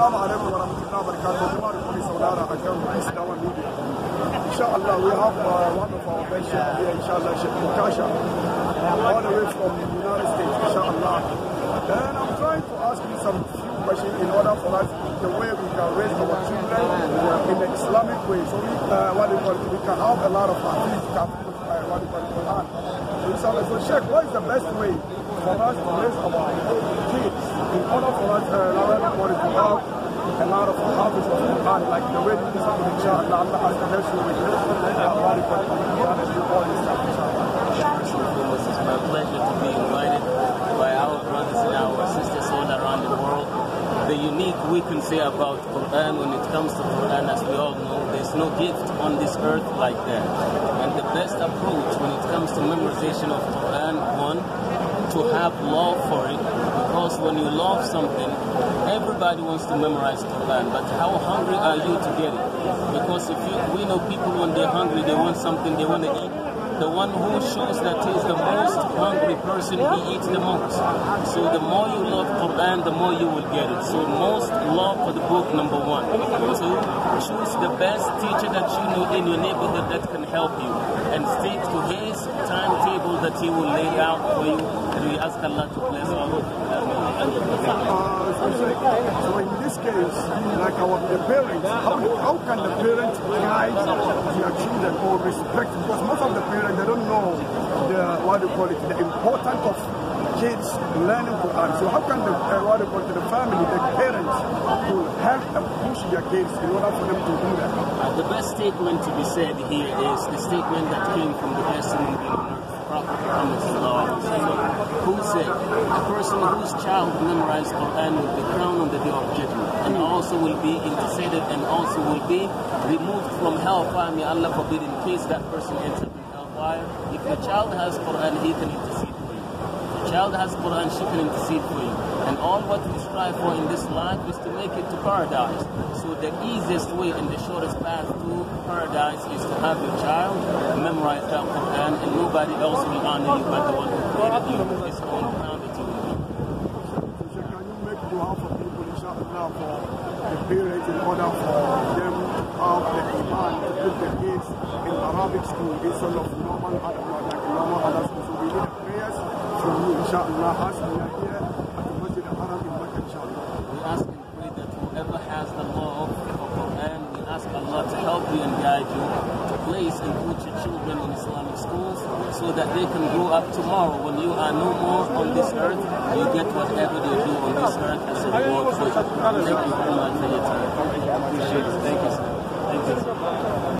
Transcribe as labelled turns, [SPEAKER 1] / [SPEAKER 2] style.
[SPEAKER 1] Assalamu alaikum wa rahmatullahi wa barakatuh. You are fully saudara a kan Islawan media. Inshallah, we have uh, one of our best chefs here, inshallah, Chef Mukasha, all the way from the United States, inshallah. Then I'm trying to ask you some few questions in order for us, the way we can raise our children in the Islamic way. So we, uh, what do you call it, we can have a lot of hafiz, hafiz, uh, what do you call it, Quran. Inshallah, so Sheikh, what is the best way for us to raise our kids in order for us uh, what is involved. A lot of others of the like the way this inshallah, Allah has mercy with you. It's my
[SPEAKER 2] pleasure to be invited by our brothers and our sisters all around the world. The unique we can say about Quran when it comes to Quran, as we all know, there's no gift on this earth like that. And the best approach when it comes to memorization of Quran, one, to have love for it, when you love something, everybody wants to memorize Quran, but how hungry are you to get it? Because if you, we know people when they're hungry, they want something, they want to eat. The one who shows that he is the most hungry person, he eats the most. So the more you love Quran, the more you will get it. So most love for the book, number one. So choose the best teacher that you know in your neighborhood that can help you. And stick to his timetable that he will lay out for you. And we ask Allah to bless all of you.
[SPEAKER 1] So in this case, like our the parents, how, how can the parents guide their children or respect? Because most of the parents, they don't know the, what do you call it, the importance of kids learning Quran. So how can the, uh, what do you call it, the family, the parents, will help and push their kids in order for them to do that? Uh, the best statement
[SPEAKER 2] to be said here is the statement that came from the best human being on Prophet Muhammad a person whose child memorized Quran will be crowned on the day of judgment and also will be interceded and also will be removed from hellfire. May Allah forbid in case that person ends up in hellfire. If your child has Quran, he can intercede for you. If your child has Quran, she can intercede for you all what we strive for in this life is to make it to paradise. So the easiest way and the shortest path to paradise is to have your child memorize that, Quran and nobody else will honor you but the one who
[SPEAKER 1] created it. His own crown that you will be. So can you make dua for people inshallah for the parents in order for them to have the Iman to put the kids in Arabic school instead of normal, Arabic? like normal Arabic, schools? So we need prayers from you inshallah. Hasbunallah.
[SPEAKER 2] and guide you to place and put your children in Islamic schools so that they can grow up tomorrow when you are no more on this earth. You get whatever they do on this earth as a reward for you. Thank you very much for your time. Appreciate it. Thank you.